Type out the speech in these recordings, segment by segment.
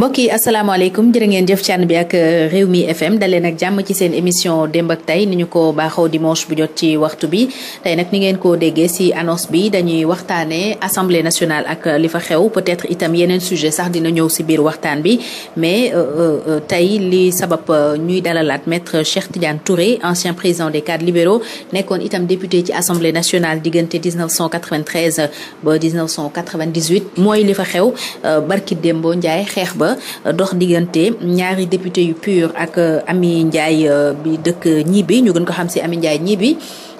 mbokk yi asalaamaaleykum jërë ngeen jëf ci ànd bi ak euh, Rewmi FM daleen ak jàmm ci seen émission démb ak tey ni ñu ko baaxoo dimanche bu jot ci waxtu bi tey nag ni ngeen ko déggee si annonce bi dañuy waxtaanee assemblée nationale ak euh, li fa xew peut-être itam yeneen sujet sax dina ñëw si biir waxtaan bi mais euh, tey li sabab ñuy dalalaat maître Cheikh Tidiane Touré ancien président des cadres libéraux nekkoon itam député ci assemblée nationale diggante 1993 ba 1998 mooy li fa xew barki Dembo Ndiaye xeex ba. ba euh, dox diggante ñaari député yu PUR ak euh, Ami Ndiaye euh, bi dëkk ñibbi ñu gën ko xam ci Ami Ndiaye ñibbi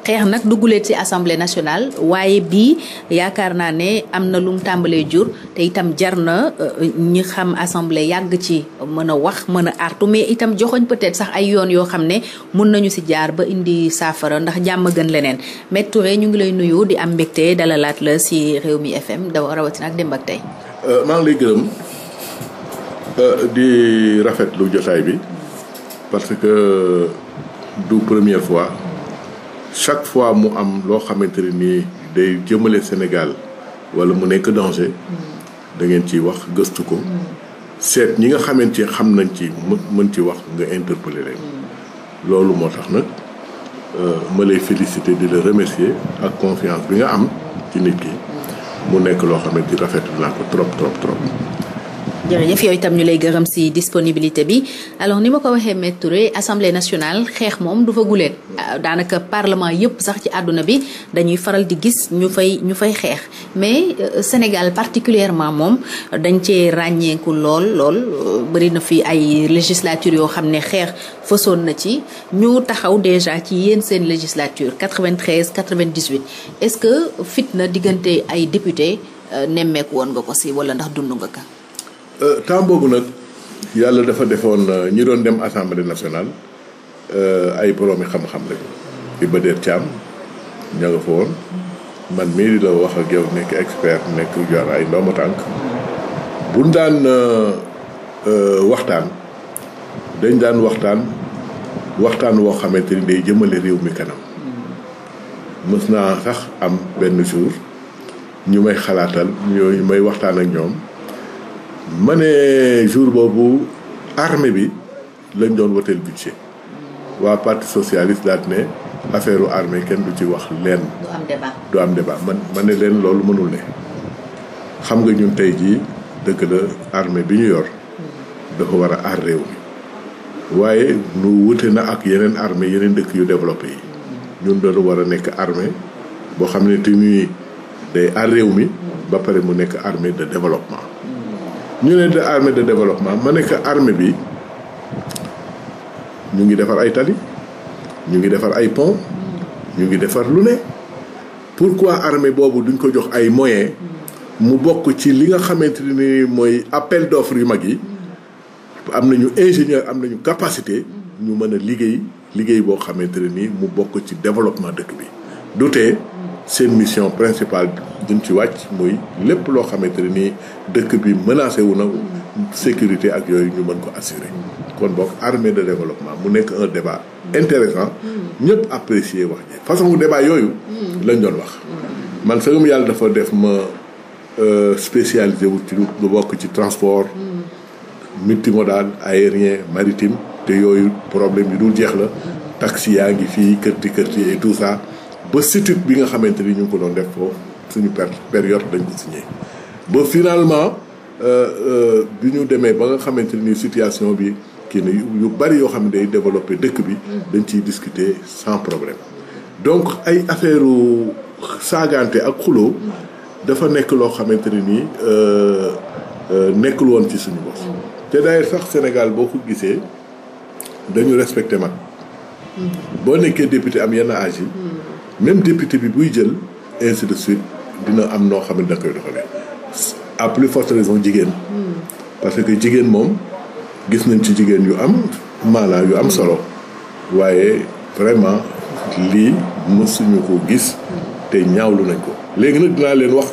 xeex nag dugguleet ci assemblée nationale waaye bii yaakaar naa ne am na lu mu tàmbalee jur te itam jar na ñi xam assemblée yàgg ci mën a wax mën a artu mais itam joxoñ peut-être sax ay yoon yoo xam ne mun nañu ci jaar ba indi saafara ndax jàmm gën leneen Maître Touré ñu ngi lay nuyu di am mbégte dalalaat la ci mi FM da rawatin ak démb ak tey. Euh, di rafetlu jotaay bi parce que du première fois chaque fois mu am loo xamante ne nii day jëmale Sénégal wala mu nekk danger da ngeen ciy wax gëstu ko seet ñi nga xamante ci xam nañ ci mën ci wax nga interpeller leen loolu moo tax nag euh, ma lay féliciter di la remercier ak confiance bi nga am ci nit ki mu nekk loo xamante ni rafetlu naa ko trop trop trop jërëjëf yooyu itam ñu lay gërëm si disponibilité bi alors ni ma ko waxee Me Touré assemblée nationale xeex moom du fa guleen euh, daanaka parlement yëpp sax ci àdduna bi dañuy faral di gis ñu fay ñu fay xeex mais euh, Sénégal particulièrement moom dañ cee ràññeeku lool lool euh, bëri na fi ay législature yoo xam ne xeex fësoon na ci ñu taxaw déjà ci yéen seen législature 93 98 est-ce que fit na diggante ay député nemmeeku woon nga ko si wala ndax dund nga ko Euh, temps boobu nag yàlla dafa defoon euh, ñi doon dem assemblée nationale euh, ay boroomi xam-xam lañu. Iba Der Thiam ña nga fa woon man mii di la wax ak yow nekk expert nekk yor ay ndomba tànk buñ daan waxtaan dañ daan waxtaan waxtaan woo xamante ni day jëmale réew mi kanam. mës naa sax am benn jour ñu may xalaatal ñooñu may waxtaan ak ñoom. ma ne jour boobu armée bi lañ doon woteel budget waa parti socialiste daal ne affaire armée kenn du ci wax leen du am débat man ma ne leen loolu mënul ne xam nga ñun tey jii dëgg la armée bi ñu yor dafa war a aar réew mi waaye nu wute na ak yeneen armée yeneen dëkk yu développé yi ñun dañu war a nekk armée boo xam ne te ñuy day aar réew mi ba pare mu nekk armée de développement ñu ne de armée de développement ma ne que armée bi ñu ngi defar ay tali ñu ngi defar ay pont ñu ngi defar lu ne pourquoi armée boobu duñ ko jox ay moyen mu bokk ci li nga xamante ni mooy appel d'offre yu mag yi am nañu ingénieur am nañu capacité ñu mën a liggéey liggéey boo xamante ne nii mu bokk ci développement dëkk bi du tee seen mission principal duñ ci wàcc muy lépp loo xamante ne nii dëkk bi menacé wu na sécurité ak yooyu ñu mën ko assurer kon boog armée de développement mu nekk un débat intéressant ñëpp apprécier wax ji façon débat yooyu lañ doon wax man sagam yàlla dafa def ma euh, spécialiser wu ci lu bokk ci transport multimodal aérien maritime te yooyu problème yi dul jeex la taxi yaa ngi fii kërti kërti et tout ça ba situt bi nga xamante ni ñu ngi ko doon def foofu suñu période dañ ko signé ba finalement euh, euh, bi ñu demee ba nga xamante ni situation bi kii na yu bari yoo xam ne day développé dëkk bi dañ ciy discuter sans problème donc ay affaire u saagante ak xuloo dafa nekk loo xamante ni nii euh, nekkul woon ci suñu bopp te d'ailleurs sax Sénégal boo ko gisee dañu respecté mag mm. boo nekkee député am yenn âge mm. même député bi buy jël ainsi de suite dina am noo xam ne da koy doxalee à plus forte raison jigéen. parce que jigéen moom gis nañ ci jigéen yu am maanaa yu am solo waaye vraiment lii mësuñu ko gis te ñaawlu nañ ko. léegi nag dinaa leen wax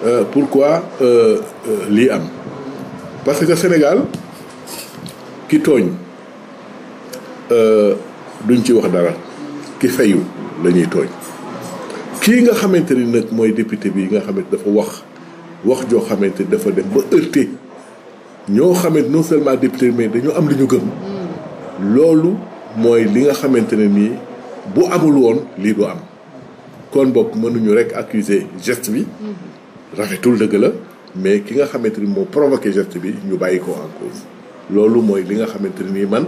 pour euh, pourquoi euh, euh, lii am parce que Sénégal ki tooñ duñ ci wax dara ki fayu. la ñuy tooñ kii nga xamante ni nag mooy député bi nga xamante dafa wax wax joo xamante dafa dem ba heurté ñoo xamante non seulement député mais dañoo am li ñu gëm loolu mooy li nga xamante ne nii bu amul woon lii du am kon boog mënuñu rek accuser geste bi rafetul dëgg la mais ki nga xamante ni moo provoqué geste bi ñu bàyyi ko en cause loolu mooy li nga xamante ne nii man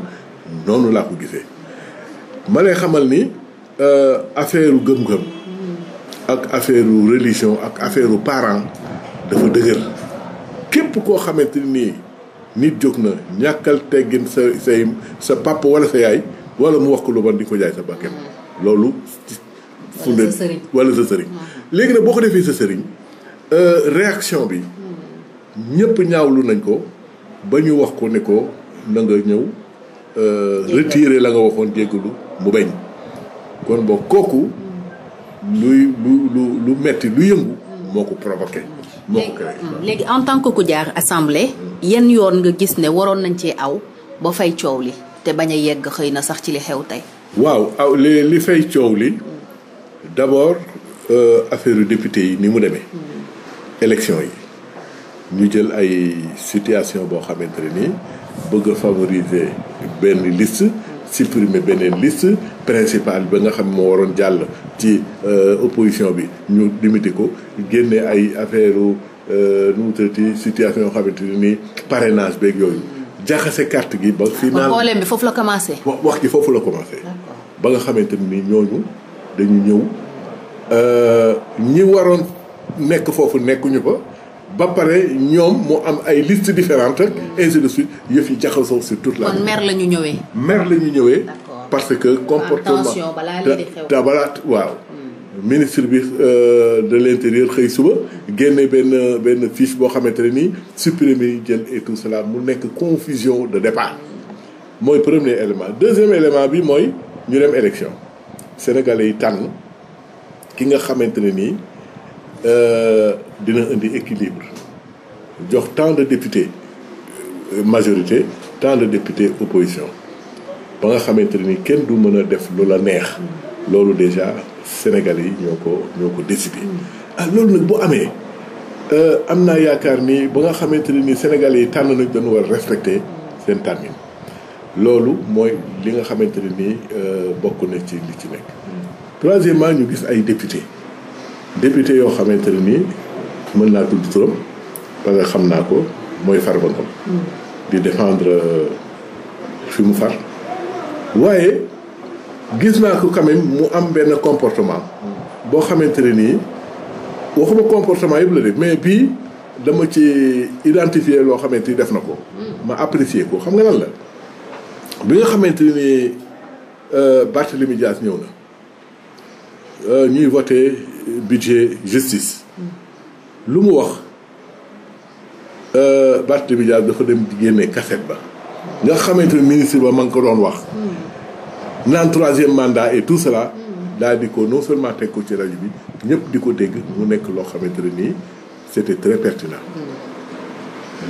noonu laa ko gisee ma xamal ni Euh, affaire gëm-gëm ak affaire religion ak affaire parent dafa dëgër képp koo xamante nii nit jóg na ñàkkal teggin sa say sa papa wala sa yaay wala mu wax ko lu ban di ko jaay sa bakkan mm-hmm. loolu funde wala sa sëriñ mm-hmm. léegi nag boo ko defee sa sëriñ euh, réaction bi mm-hmm. ñëpp ñaawlu nañ ko ba ñu wax ko ne ko na nga ñëw euh, retirer la nga waxoon jéggalu mu bañ kon boo kooku luy lu lu lu metti lu yëngu moo ko provoqué moo ko créé léegi en tant que ku jaar assemblée yenn yoon nga gis ne waroon nañ cee aw ba fay coow li te bañ a yegg xëy na sax ci li xew tey waaw aw li li fay coow li d'abord euh, affaire député yi ni mu demee élection yi ñu jël ay situation boo xamante ne nii bëgg a benn liste supprimer beneen liste principal ba nga xam moo waroon jàll ci euh, opposition bi ñu limité ko génne ay affaire euh, nu mu tëddee situation yoo xamante ne nii parrainage beeg yooyu. jaxase carte gi ba. final naa bi foofu la commencé. wax ji foofu la commencé. ba nga xamante ne nii ñooñu dañu ñëw euh, ñi waroon nekk foofu nekkuñu ko ba pare ñoom mu am ay listes différentes ak ainsi de suite yëf yi jaxasoo sur toute la. kon mer la ñu ñëwee. mer la ñu ñëwee. parce que comportement te balaa waaw. Hmm. ministre bi euh, de l' intérieur xëy suba génne benn benn fiche boo xamante ne nii supprimer yi jël et tout cela mu nekk confusion de départ. mooy premier élément deuxième élément bi mooy ñu dem élection sénégalais yi tànn ki nga xamante ne nii. Euh, dina indi équilibre jox temps de député euh, majorité tant de député opposition ba nga xamante ni kenn du mën a def lu la neex loolu déjà Sénégalais yi ñoo ko ñoo ko décidé ah loolu nag bu amee euh, am naa yaakaar ni ba nga xamante ne ni Sénégalais yi tànn nañ dañu war a respecté seen tànnin loolu mooy li nga xamante ne nii bokk na ci li ci nekk troisièmement ñu gis ay député député yoo xamante ne nii mën naa tudd turam ba nga xam naa ko mooy Farba Ngom di défendre euh, fi mu far waaye gis naa ko quand mu am benn comportement boo xamante ne nii waxuma comportement yëpp la de mais bii dama ci identifier loo xamante ni def na ko ma apprécier ko xam nga lan la bi nga xamante ni euh, Barthélémy Dias ñëw na Euh, ñuy voté budget justice lu mu wax euh, Barthélémy Dias dafa dem di génne cassette ba nga xamante ne ministre ba ma ngi ko doon wax naan troisième mandat et tout cela daal di ko non seulement teg ko ci rajo bi ñëpp di ko dégg mu nekk loo xamante ne nii c'était très pertinent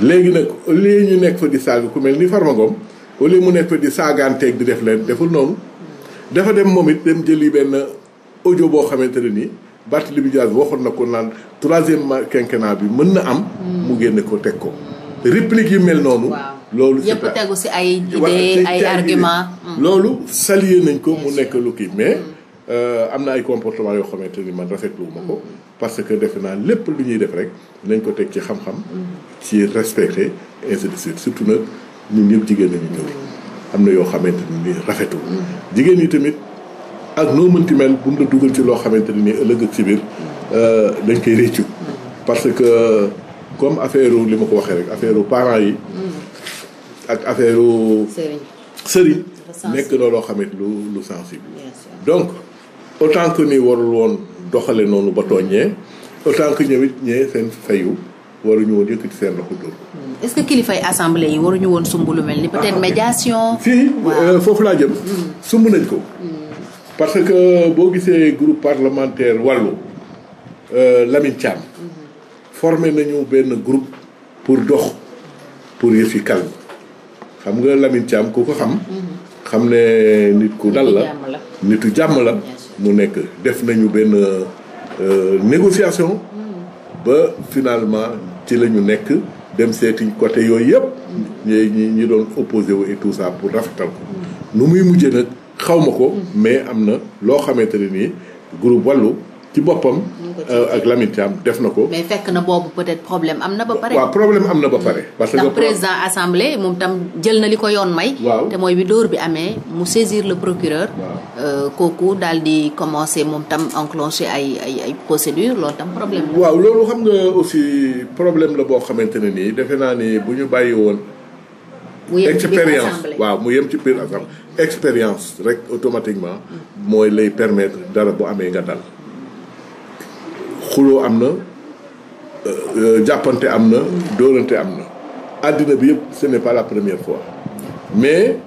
léegi nag au lieu ñu nekk di saaga ku mel ni Farba mu nekk fa di saagaanteeg di def leen deful noonu dafa dem moom it dem jëli benn audio boo xamante ne nii Barthélémy Dias waxoon na ko naan troisième quinquennat bi mën na am. Hmm. mu génne ko teg ko. réplique yu mel noonu. loolu yëpp tegu si ay idées ay arguments. Hmm. Hmm. loolu salué nañ ko mu nekk lu kii mais. Euh, am na ay comportement yoo xamante ni man rafetlu ma ko parce que defe naa lépp lu ñuy def rek nañ ko teg ci xam-xam ci respecté ainsi surtout nag ñun ñëpp jigéen nañu ñëw am na yoo xamante ni rafetul jigéen ñi tamit ak noo mënti mel bu mu la dugal ci loo xamante ne nii ëllëg ak ci biir euh, dañ koy réccu parce que comme affaire li ma ko waxee rek affaire parents yi. Mm. ak affaire sëriñ sëriñ nekk na loo xamante lu lu sensible. donc autant que ni warul woon doxale noonu ba tooññee autant que ñëwit ñee seen fayu waruñu woon yëkkati seen loxo dóor. Mm. est-ce que kilifay assemblée yi waruñu woon sumb lu mel ni peut-être ah, médiation. fii euh, foofu laa jëm. Mm. sumb nañ ko. parce que boo gisee groupe parlementaire wàllu euh, Lamine Thiam formé nañu benn groupe pour dox pour yëf yi calme xam nga Lamine Thiam ku ko xam xam ne nit ku dal la nitu jàmm la mu nekk def nañu benn euh, négociation ba finalement ci la ñu nekk dem seeti côté yooyu yëpp ñi ñi doon opposé wo et tout ça pour rafetal ko mm. nu muy mujjee nag xaw ma ko mais am na loo xamante ne nii groupe wàllu ci boppam euh, ak Lamine Thiam def na ko mais fekk na boobu peut-être problème am na ba pare waaw problème am na ba pare parce que ndax président assemblée moom tam jël na li ko yoon may waaw te mooy bi dóor bi amee mu saisir le procureur euh, kooku daal di commencer moom tam enclencher ay ay ay procédure loolu tam problème xam nga aussi problème la boo xamante ne nii defe naa ni bu ñu bàyyi woon expérience waaw mu yem ci piir assemblée expérience rek automatiquement mooy lay permettre dara bu amee nga dal xuloo am na euh, euh, jàppante am na dóorante am na àddina bi yëpp ce n'est pas la première fois mais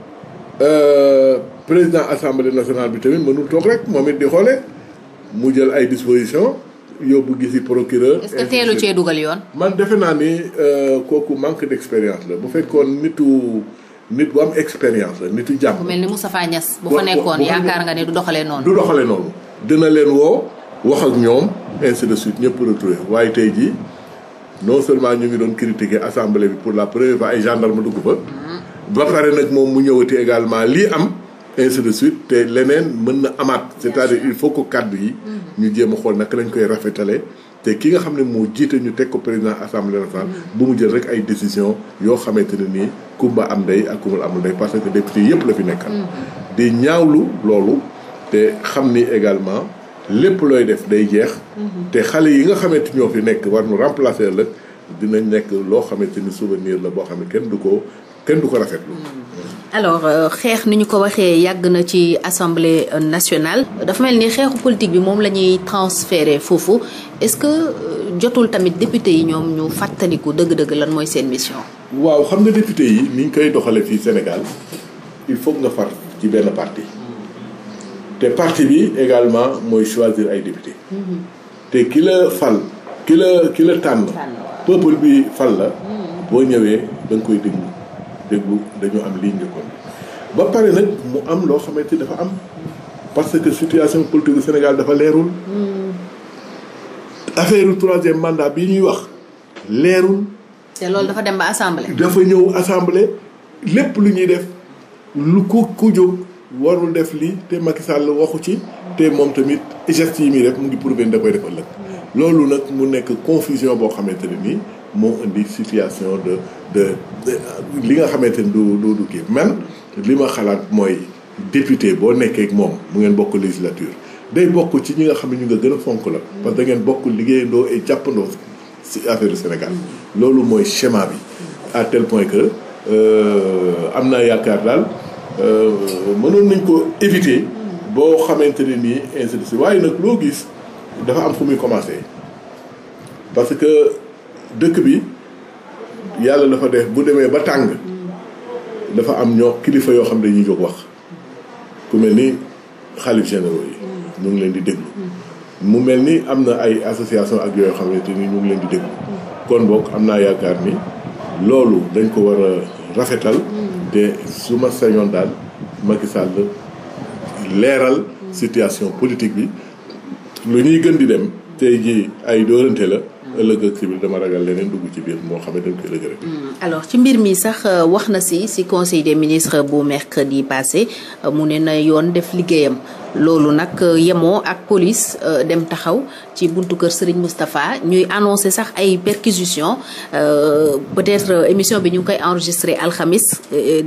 euh, président assemblée nationale bi tamit mënul toog rek moom it di xoole mu jël ay dispositions yóbbu gisi procureur. est-ce que teelu cee dugal yoon. man defe naa ni kooku manque d'expérience la bu fekkoon nitu. nit bu am expérience la nitu jàmm. ku mel ni Moustapha Niass bu fa nekkoon yaakaar nga ne du doxalee noonu. du doxalee noonu dina leen woo wax ak ñoom ainsi de suite ñëpp retrouvé waaye tey jii non seulement ñu ngi doon critiquer assemblée bi pour la première fois ay ma dugg fa. Mm-hmm. ba pare nag moom mu ñëwati également lii am. ainsi suite te leneen mën na amaat. c'est-à-dire il faut que kàddu yi. Mm-hmm. ñu jéem a xool nag lañ koy rafetale te ki nga xam ne moo jiite ñu teg ko président assemblée nationale bu mu jël rek ay décision yoo xamante ne nii kumba am ndey ak kumba amul ndey parce que député yëpp la fi nekkal mm. di ñaawlu loolu te xam ni également lépp looy def day jeex mm-hmm. te xale yi nga xamante ñoo fi nekk war nu remplacer la dinañ nekk loo xamante ni souvenir la boo xam ne kenn du ko kenn du ko rafetlu mm. alors euh, xeex ni ñu ko waxee yàgg na ci assemblée nationale dafa mel ni xeexu politique bi moom la ñuy transférer foofu est-ce que euh, jotul tamit député yi ñoom ñu fàttaliku dëgg-dëgg lan mooy seen mission. waaw xam nga député yi ni ñu koy doxalee fii Sénégal il faut nga far ci benn parti. te parti bi également mooy choisir ay député. Mm-hmm. te ki la fal ki la ki la tànn. peuple bi fal la. Mm-hmm. boo ñëwee da koy déglu. déglu dañu am lii de conduite ba pare nag mu am loo xamante ni dafa am parce que situation politique Sénégal dafa leerul hmm. affaire yu troisième mandat bi ñuy wax leerul te loolu dafa dem ba assemblée. dafa ñëw assemblée lépp lu ñuy def lu ku ku jóg warul def lii te Macky Sall waxu ci te moom tamit gestes yi muy def mu ngi prouvé da koy def ëllëg hmm. loolu nag mu nekk confusion boo xamante ne nii moo indi situation de de li nga xamante ni du du du man li ma xalaat mooy député boo nekkee ak moom mu ngeen bokk législature day bokk ci ñi nga xam ne ñu nga gën a fonk la. parce que da ngeen bokk liggéeyandoo ay jàppandoo si affaire Sénégal. loolu mooy schéma bi. à tel point que euh, am naa yaakaar daal euh, mënoon nañ ko éviter. boo xamante ne nii ainsi de suite waaye nag loo gis dafa am fu muy commencé parce que. dëkk bi yàlla dafa def bu demee ba tàng dafa am ñoo kilifa yoo xam ne dañuy jóg wax ku mel ni xalif généraux yi ñu ngi leen di déglu mu mel ni am na ay association ak yooyu xamante ni ñu ngi leen di déglu kon boog am naa yaakaar ni loolu dañ ko war a rafetal te su ma sañoon daal Macky sàll leeral situation politique bi lu ñuy gën di dem tey ji ay dóorante la ëllëg ak si biir dama ragal leneen dugg ci biir moo xam ne dañ koy alors ci mbir mi sax euh, wax na si si conseil des ministre bu mercredi passé euh, mu ne na yoon def liggéeyam. loolu nag euh, yemoo ak police euh, dem taxaw ci buntu kër Serigne Moustapha ñuy annoncé sax ay perquisition euh, peut-être émission bi ñu ngi koy enregistré alxamis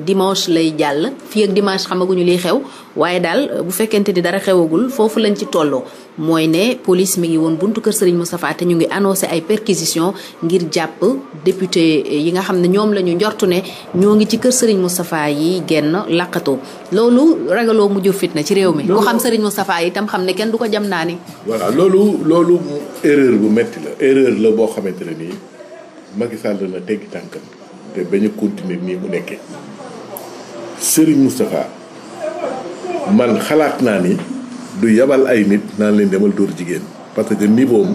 dimanche lay jàll fii ak dimanche xamaguñu liy xew waaye daal bu fekkente ni dara xewagul foofu lañ ci tolloo mooy ne police mi ngi woon buntu kër Serigne Moustapha te ñu ngi annoncé ay perquisition ngir jàpp député yi nga xam ne ñoom la ñu njortu ne ñoo ngi ci kër Serigne Moustapha yi genn làqatu loolu ragaloo mu jur fitna ci réew mi. ku xam Serigne Moustapha tam xam ne kenn du ko jam naa ni. voilà loolu loolu erreur bu metti la erreur la boo xamante ne nii Macky Sall la teggi tànkam te bañ a continuer mu nekkee Serigne Moustapha man xalaat naa ni du yabal ay nit naan leen demal dóor jigéen parce que niveau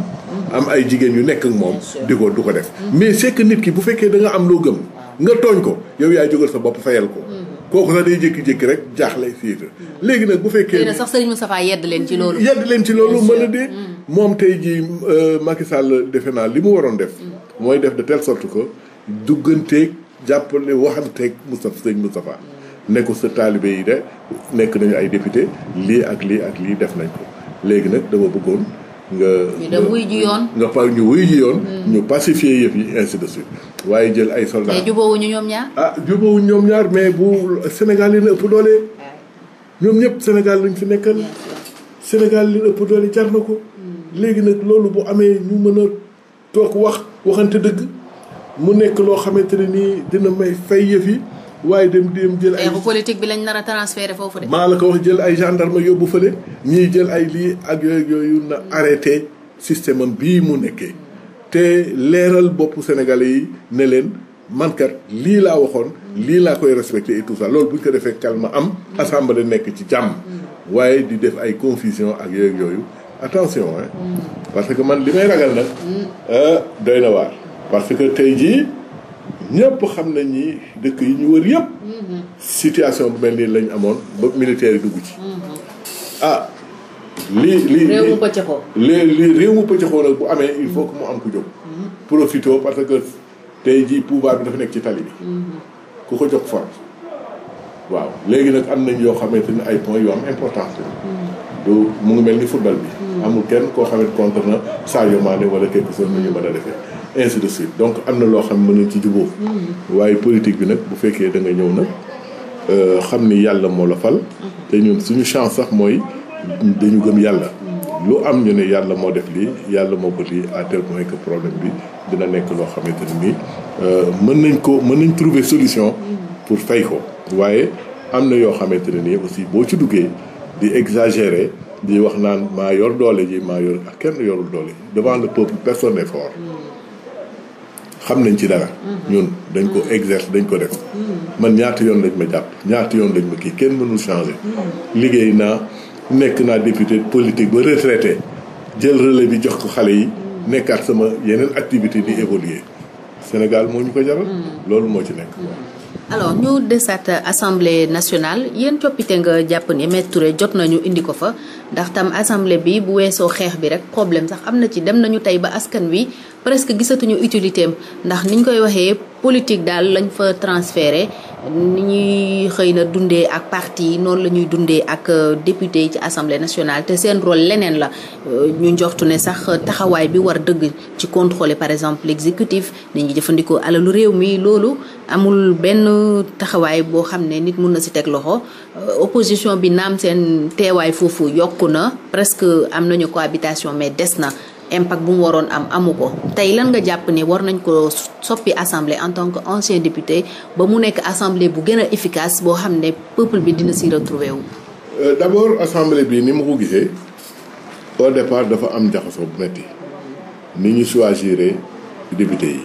am ay jigéen yu nekk moom. di du ko def. Mm. mais c'est nit ki bu fekkee da am loo gëm. nga tooñ ko yow yaa jógal sa bopp fayal ko. Mm. kooku sax day jékki-jékki rek jaaxle siita léegi nag bu fekkee sax sëriñ Moustapha yedd leen ci loolu yedd leen ci loolu ma a dee moom tey jii euh, Macky Sall defe naa li mu waroon def mm. mooy def de telle sorte que dugganteeg jàppale mu Moustapha sëriñ mu ne nekku sa taalibe yi de nekk nañu ay député lii ak lii ak lii def nañ ko léegi nag dama bëggoon nga ñu dem wuy par ñu wuy ji yoon. ñu pacifier yëf yi ainsi de waaye jël ay soldats mais jubóowuñu ñoom ñaar. ah jubóowuñu ñaar mais bu Sénégal yi la ëpp doole. ñoom ñëpp Sénégal lañ fi nekk Sénégal li ëpp doole jar na ko. Hmm. léegi nag loolu bu amee ñu mën a toog wax waxante dëgg mu nekk loo xamante ne nii dina may fay yëf yi. waaye dem dem jël ay. politique bi lañ nar a transféré foofu de. maa la ko wax jël ay gendarme yóbbu fële ñii jël ay lii ak yooyu yooyu na arrêté système am bii mu nekkee te leeral boppu Sénégalais yi ne leen man lii laa waxoon. lii laa koy respecté et tout ça loolu bu ñu ko defee calme am. assemblée nekk ci jàmm. waaye di def ay confusion ak yooyu yooyu attention parce que man li may ragal nag. Mm. Euh, doy na waar parce que tey jii. ñëpp xam nañ ni dëkk yi ñu wër yëpp. situation bu mel nii lañ amoon ba militaire yi dugg ci. Mhm. ah lii lii réew mu pëccëxoo. lii lii réew mu pëccëxoo nag bu amee il faut que mu am ku jóg. Mhm. profité parce que tey jii pouvoir bi dafa nekk ci tali bi. Mhm. ku ko jox forme. waaw léegi nag am nañ yoo xamante ni ay points yu am importance mu ngi mel ni football bi. amul kenn koo xamante contre na Sadio Mané wala quelque chose nu ñu mën a defee. ainsi si donc am na loo xam mën nañ ci jubóo mm-hmm. waaye politique bi nag bu fekkee da nga ñëw nag euh, xam ni yàlla moo la fal mm-hmm. te ñun suñu chance sax mooy dañu gëm yàlla mm-hmm. lu am ñu ne yàlla moo def lii yàlla moo ko lii à tel point que problème bi dina nekk loo xamante ne nii euh, mën nañ ko mën nañ trouver solution pour fay ko waaye am na yoo xamante ne nii aussi boo ci duggee di exagérer di wax naan maa yor doole ji maa yor ak kenn yorul doole devant la peuple personne n'est fort xam nañ ci dara. ñun dañ ko exerce dañ ko def. man ñaata yoon lañ ma jàpp ñaata yoon lañ ma kii kenn mënul changer. liggéey naa nekk naa député politique ba retraité jël relais bi jox ko xale yi. nekkaat sama yeneen activité di évoluer. Sénégal moo ñu ko jaral. Hmm. loolu moo ci nekk. Hmm. alors ñu desaat assemblée nationale yéen coppite nga jàpp ni Maître jot nañu indi ko fa ndax tam assemblée bi bu weesoo xeex bi rek problème sax am na ci dem nañu tey ba askan wi presque gisatuñu utilité am ndax niñ koy waxee. politique daal lañ fa transféré ni ñuy xëy na dundee ak parti noonu la ñuy dundee ak euh, député yi ci assemblée nationale te seen role leneen la euh, ñu njortu ne sax taxawaay bi war dëgg ci contrôler par exemple l'exécutif dañuy jëfandikoo alalu réew mi loolu amul benn taxawaay boo xam ne nit mun na si teg loxo euh, opposition bi naam seen teewaay foofu yokku na presque am nañu cohabitation mais des na impact bu mu waroon am amu ko tey lan nga jàpp ne war nañ ko soppi assemblée en tant que ancien député ba mu nekk assemblée bu gën a efficace boo xam ne peuple bi dina si retrouver wu. Euh, d'abord assemblée bi ni ma ko gisee au départ dafa am jaxasoo bu metti ni ñu choisir député yi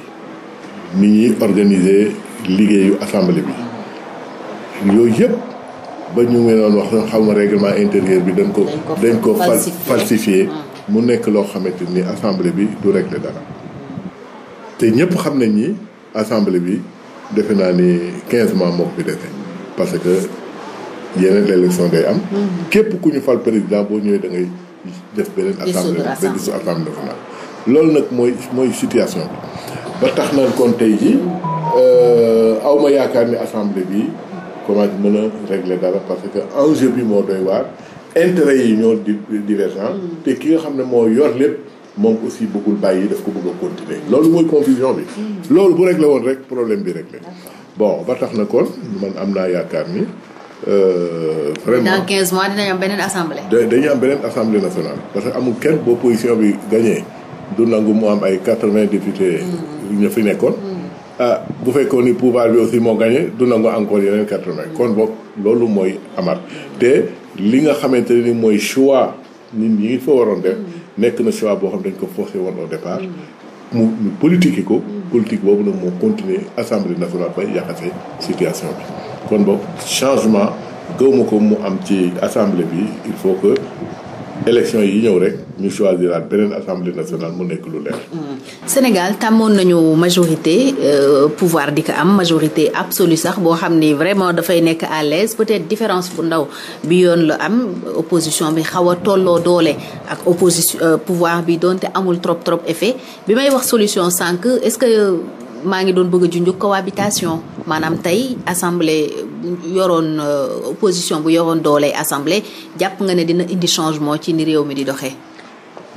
ni ñuy organiser liggéeyu assemblée bi yooyu yëpp ba ñu ngi doon wax xam nga règlement intérieur bi dañ ko dañ ah. mu nekk loo xamante ni assemblée bi du régler dara te ñëpp xam nañ ni assemblée bi defe naa ni quinze mois moo fi defe parce que yeneen élection day am. Mhm. képp ku ñu fal président boo ñëwee da ngay def beneen. assemblée da gisu assemblée nationale loolu nag mooy mooy situation bi ba tax na kon tey jii euh, awma yaakaar ni assemblée bi comment mën a dara parce que enjeu bi moo doy waar. intérêt yi ñoo di divergent hmm. te ki nga xam ne moo yor lépp moom aussi bëggul bàyyi def ko bëgg a continuer loolu mooy confusion bi hmm. loolu bu réglé woon rek problème bi réglé bon ba tax na kon man am naa yaakaar ni euh, vraiment dans 15 mois dinañ am beneen assemblée. dañuy am beneen assemblée nationale parce que amul kenn boo position bi gagné du nangu mu am ay 80 députés hmm. ñu fi nekkoon ah bu fekkoon ni pouvoir bi aussi moo gagné du nangu encore yeneen 80 kon boog loolu mooy amaat te li nga xamante ne ni mooy choix nit ñi ngi fa waroon def mm. nekk na choix boo xam dañ ko forcé woon au départ mu ñu politique ko mm. politique boobu nag moo continuer assemblée nationale bay yàqase situation bi kon boog changement gëwma ko mu am ci assemblée bi il faut que élection yi ñëw rek ñu choisiraat beneen assemblée nationale mu nekk lu leer. Mm. Sénégal tàmmoon nañu majorité euh, pouvoir di ko am majorité absolue sax boo xam ni vraiment dafay nekk à l'aise peut-être différence bu ndaw bi yoon la am opposition bi xaw a tolloo doole ak opposition euh, pouvoir bi doonte amul trop trop effet bi may wax solution sànq est-ce que. maa ngi doon bëgg a junj cohabitation maanaam tey assemblée yoroon euh, position bu yoroon doole assemblée jàpp nga ne dina indi changement ci ni réew mi di doxee.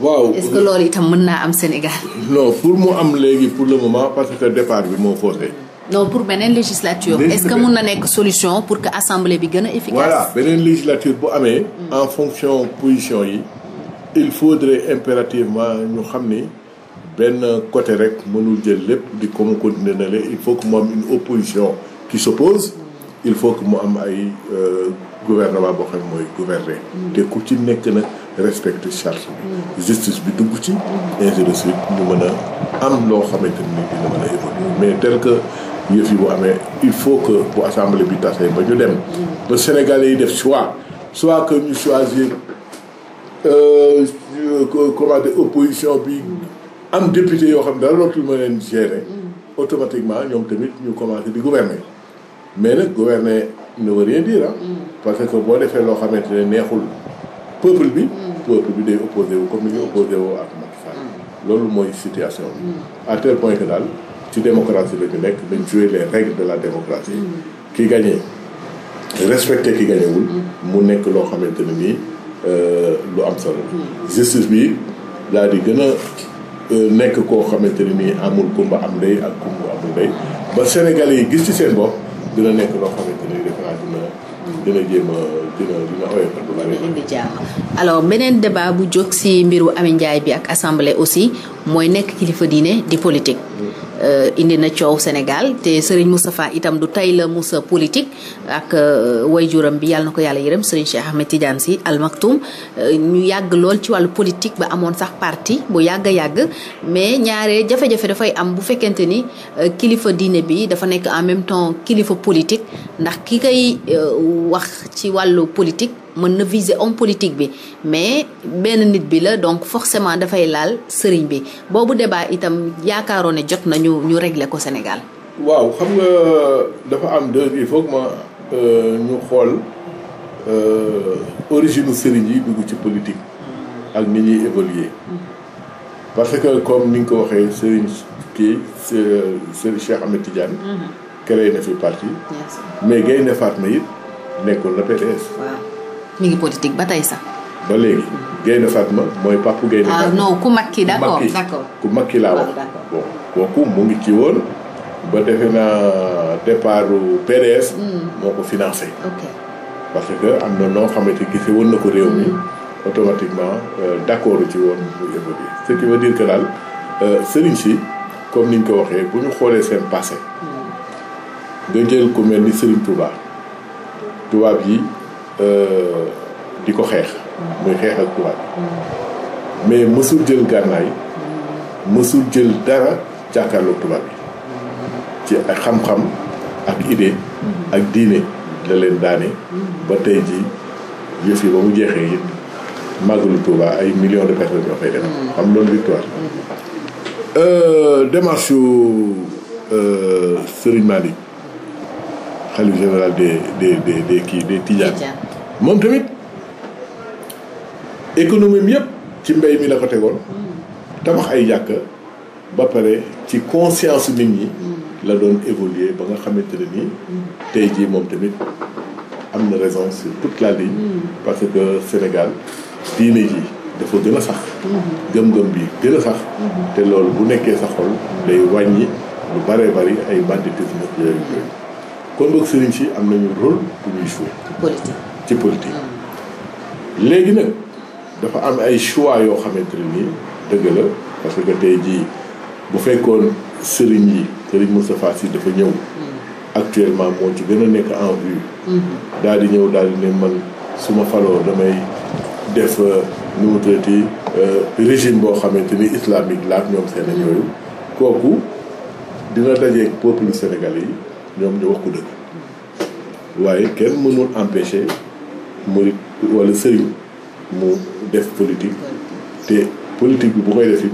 waaw est-ce que loolu itam mën naa am Sénégal. non pour mu am léegi pour le moment parce que départ bi moo faussé. no pour beneen législature. législature est-ce que mun na nekk solution pour que assemblée bi gën a efficace. voilà beneen législature bu amee. Mm. en fonction position yi. il faudrait impérativement ñu xam ni. benn côté rek mënul jël lépp di ko continuer na il faut que mu am une opposition qui s'oppose il faut que mu am ay euh, gouvernement boo xam mooy gouverner mm. te ku ci nekk na respecte charte bi mm. justice bi dugg ci mm. ainsi de suite ñu mën a am loo xamante ni dina mën a évoluer mais tel que yëf yi bu amee il faut que bu assemblée bi tasee ba ñu dem ba sénégalais yi def choix soit que ñu choisir euh, euh, comment dire opposition bi am député yoo xam dara dootul ma leen gérer mm. automatiquement ñoom tamit ñu commencé di gouverner mais nag gouverner ne veut rien mm. parce que boo defee loo xamante ne neexul peuple bi mm. peuple bi day opposé wu comme ni ñu opposé woo ak Macky Sall loolu mooy situation bi à tel point que daal ci démocratie la ñu nekk dañ jouer les règles de la démocratie ki gagné respecté ki gañewul mu nekk loo xamante ne nii euh, lu am solo justice bi daal Euh, nekk koo xamante ne nii amul kumba am ndey ak kumba amul ndey ba Sénégalais yi gis ci seen bopp dina nekk loo xamante ni dina dina dina dina oyofal bu bari indi jàmm beneen débat bu jóg si mbiru ami njaay bi ak assemblée aussi mooy nekk kilifa diine di politique. Euh, indi na coow Sénégal te Serigne Moustapha itam du tey la Moussa politique ak euh, waajuram bi yàlla na ko yàlla yërëm Serigne Cheikh Ahmed Tidiane Sy Al Maktoum euh, ñu yàgg lool ci wàllu politique ba amoon sax parti bu yàgg a yàgg mais ñaare jafe-jafe dafay am bu fekkente ni kilifa diine bi dafa nekk en même temps kilifa politique ndax ki koy wax ci wàllu politique mën na viser homme politique bi mais benn nit bi la donc forcément dafay laal sëriñ bi boobu debaa itam yaakaaroon ne jot nañu ñu régler ko Sénégal. waaw xam nga dafa am deux il foog que ma euh, ñu xool euh, origine sëriñ yi dugg ci politique. ak ni ñuy évoluer. parce que comme ni nga ko waxee sëriñ kii sëriñ Cheikh Ahmed Tidiane. Mhm. créé na fi parti. mais Gaynde Fatma it nekkoon na PDS. mi ngi politique ba tey sax. ba léegi Gaynde Fatma mooy papu Gaynde ah, Fatma. ah non ku mag ki d' accord d' accord ku ma ki laa wax. kooku mu ngi ci woon ba defe naa départ PDS. Mm. moo ko financé. parce que am na noo xamante gise woon na ko réew mi. Mm. automatiquement euh, d' accord ci woon mu évolué ce qui veut dire que euh, comme ni ko waxee bu ñu xoolee seen passé. Mm. nga jël ku mel ni Serigne Touba tubaab yi. Euh, di ko xeex muy xeex ak tubaab mm. mais mësul jël gànnaay mm. mësul jël dara jàkkaarloog tubaab bi mm. ci ak xam-xam ak idée ak diine la leen daane ba tey ji yëf yi ba mu jeexee it màggalu Touba ay millions de personnes ñoo fay dem am loolu victoire euh, démarche yu euh, Serigne Malick xalif général des des des des kii des Tidjane. moom tamit économie mi yëpp ci mbéy mi la ko tegoon. Hmm. tabax ay jàkka ba pare ci conscience nit ñi. Hmm. la doon évoluer ba nga xamante ne nii. Hmm. tey jii moom tamit am na raison sur toute la ligne. parce que Sénégal diine ji dafa gën a sax. gëm-gëm bi gën a sax. te loolu bu nekkee sa xol day wàññi lu baree bari ay banditisme yooyu yooyu. kon boog sëriñ si am nañu rôle bu ñuy joué. ci politique léegi nag dafa am ay choix yoo xamante ne nii dëgg la parce que tey jii bu fekkoon sëriñ yi sëriñ Moustapha Sy dafa ñëw. Mm. actuellement moo ci gën a nekk en vue. Mm-hmm. daal di ñëw daal di ne man suma ma faloo damay def euh, nu mu tuddati euh, régime boo xamante ni islamique la ak ñoom seen yooyu kooku dina dajeeg peuple sénégalais yi. ñoom ñu wax ko dëgg waaye kenn mënul empêcher murit wala sëriñ mu def politique te politique bi bu koy def it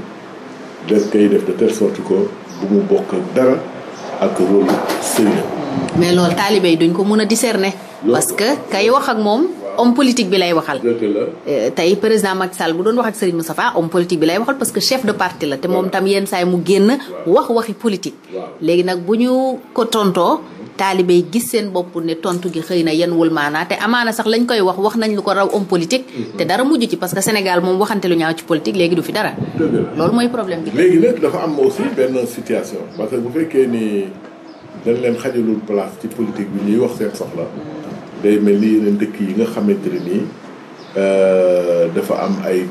daf def de telle sorte ko bu mu bokk dara ak rôle sëriñam mais loolu taalibe yi duñ ko mën a discerner parce que kay wax ak moom homme politique bi lay waxal. Euh, tey président Macky Sall bu doon wax ak Serigne Moustapha homme politique bi lay waxal parce que chef de parti la te moom tam yenn saay mu génn wax waxi politique. léegi nag bu ñu ko tontoo. taalibe yi gis seen bopp ne tontu gi xëy na yan wul maanaa te amaana sax lañ koy wax wax nañ lu ko raw homme politique. Mhm. te dara mujj ci parce que Sénégal moom waxante lu ñaaw ci politique léegi du fi dara. loolu mooy problème bi. léegi nag dafa am day mel ni yeneen dëkk yi nga xamante ne nii euh, dafa am ay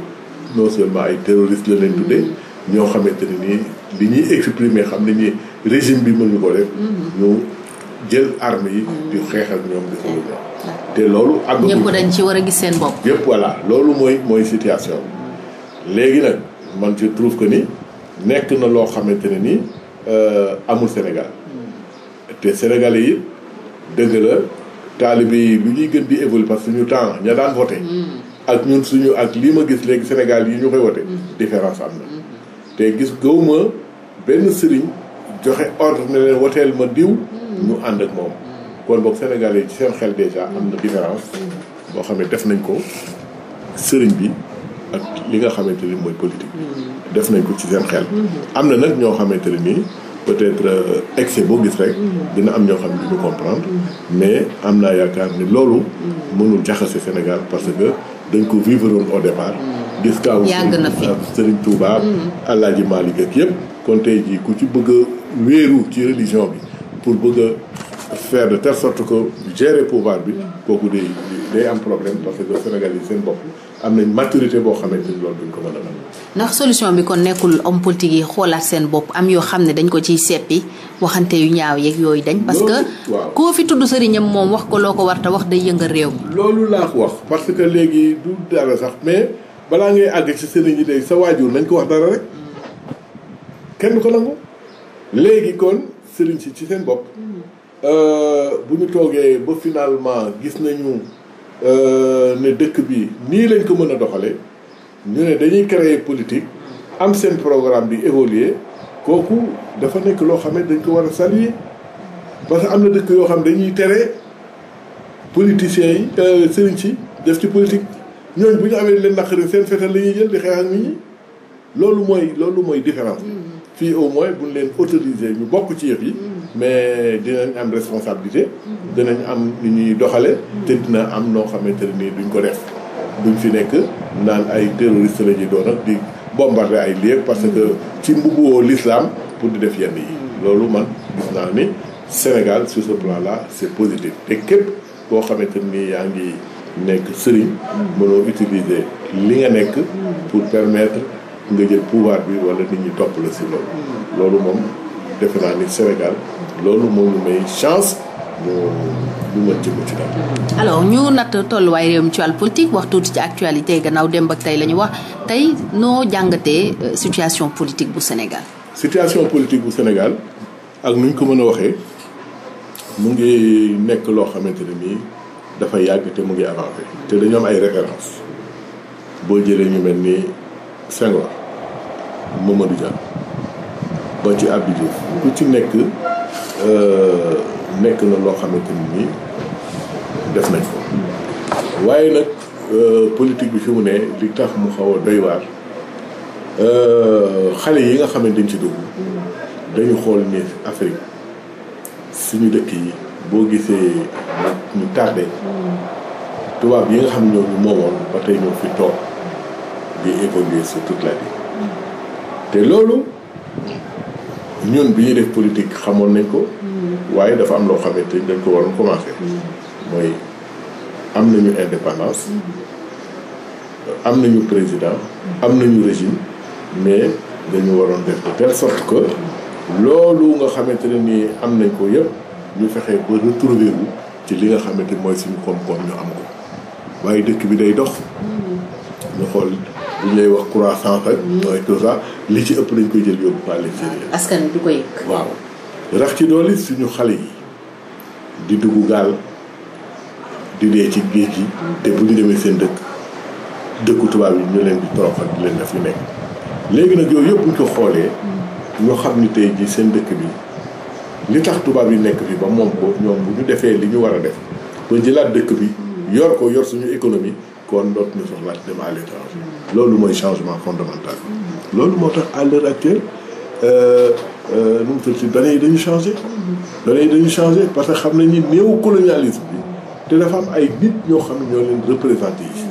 non seulement ay terroristes la leen mm-hmm. tuddee ñoo xamante ne nii li ñuy exprimer xam ne nii régime bi mënuñu ko def. Mm-hmm. ñu jël arme yi. Mm-hmm. di xeex ak ñoom di te loolu. àgg ñëpp dañ ci war a gis seen bopp. yëpp voilà loolu mooy mooy situation léegi nag man ci trouve que ni nekk na loo xamante ne nii euh, amul Sénégal te sénégalais yi dëgg la. taalibe yi lu ñuy gën di évoluer parce que suñu temps ña daan voté mm. ak ñun suñu ak lii ma gis léegi Sénégal yi ñu koy voté mm. différence am na mm. te gis gawma benn sëriñ joxe ordre ne leen ma diw ñu ànd ak moom kon boog Sénégalais yi ci seen xel déjà am na différence boo xam ne def nañ ko sëriñ bi ak li nga xamante ni mooy politique def nañ ko ci seen xel mm-hmm. am na nag ñoo xamante ne nii peut-être euh, excès boo gis rek dina am ñoo xam ne duñu comprendre mais am naa yaakaar ni loolu mënul jaxase Sénégal parce que dañ ko vivre woon au départ gis kaaw Serigne Touba mm. Alaaji Maalik ak yëpp kon tey jii ku ci bëgg wéeru ci religion bi pour bëgg a faire de tell sorte que gérer pouvoir bi kooku day day am problème parce que Sénégal yi seen bopp am nañ maturité boo xamante ni loolu duñ ko mën a ndax solution bi kon nekkul homme politique yi xoolaat seen bopp am yoo xam ne dañ ko ciy seppi waxante yu ñaaw yeeg yooyu dañ. parce que koo fi tudd sëriñam moom wax ko loo ko war te wax day yëngal réew mi. loolu laa ko wax parce que léegi du dara sax mais balaa ngay àgg ci sëriñ léegi sa waajur nañ ko wax dara rek kenn ko nangu léegi kon sëriñ si ci seen bopp. Hmm. Euh, bu ñu toogee ba finalement gis nañu euh, ne dëkk bi nii lañ ko mën a doxalee. ñu ne dañuy créer politique am seen programme bi évoluer kooku dafa nekk loo xam ne dañ ko war a saluer parce que am na dëkk yoo xam dañuy tere politiciens yi euh, sëriñ si def ci politique ñooñ bu ñu amee leen naqari seen fetal la ñuy di xeex ak loolu mooy loolu mooy différence mm-hmm. fii au moins buñ leen autorisé ñu bokk ci yëf yi mm-hmm. mais dinañ am responsabilité mm-hmm. dinañ am lu ñuy doxale te dina am noo xamante ne nii duñ ko def duñ fi nekk naan ay terroriste la ñuy doon ak di bombarder ay lieux parce que ci mbubboo l'islam pour di def yenn yi loolu man gis naa ni Sénégal sur ce plan là c'est positif te képp boo xamante nii yaa ngi nekk sëriñ mënoo utiliser li nga nekk pour permettre nga jël pouvoir bi wala nit ñi topp la si loolu loolu moom defe naa ni Sénégal loolu moom may chance lu mën ci daal. alors ñu natt tolluwaay réew mi ci wàllu politique wax tuuti ci actualité gannaaw démb ak tey la ñu wax tey noo jàngatee euh, situation politique bu Sénégal. situation politique bu Sénégal ak nuñ ko mën a waxee mu ngi nekk loo xamante ne nii dafa yàgg te mu ngi avancé te dañu ay références boo jëlee ñu mel ni Senghor Mamadou Dia ba ci Abdou Diouf ci nekk. Euh, nekk na loo xamante ni def nañ ko waaye nag euh, politique bi fi mu ne li tax mu xaw a doy waar euh, xale yi nga xamante dañ ci dugg dañu xool ni Afrique suñu dëkk yi boo gisee nag ñu tardé tubaab yi nga xam ñoo ñu moomoon ba tey ñoo fi toog di évoluer sur la vie te loolu ñun bi ñuy def politique xamoon nañ ko waaye dafa am loo xamante ni dañ ko waroon commencé. mooy am nañu indépendance. am nañu président. am nañu régime. mais dañu waroon def de telle sorte que loolu nga xamante ne nii am nañ ko yëpp ñu fexe ba retrouver wu ci li nga xamante mooy suñu koom-koom ñu am ko waaye dëkk bi day dox. ñu xool duñ lay wax croissance rek. Mm-hmm. mooy tout ça li ci ëpp dañ koy jël yóbbu par les askan du ko yëg waaw. rax ci doole suñu xale yi di dugg gaal di dee ci géej gi te bu ñu demee seen dëkk dëkku tubaab yi ñu leen di toroxal di leen def lu nekk léegi nag yooyu yëpp bu ñu ko xoolee ñoo xam ni tey jii seen dëkk bi li tax tubaab yi nekk bi ba moom ko ñoom bu ñu defee li ñu war a def ba jëlaat dëkk bi yor ko yor suñu économie kon dootuñu soxlaat dem à l'étranger loolu mooy changement fondamental loolu moo tax à l'heure actuelle euh, Euh, nu mu si données yi dañu changé. données yi dañu changé parce que xam nañu néocolonialisme bi te dafa am ay nit ñoo xam ne ñoo leen représenté yi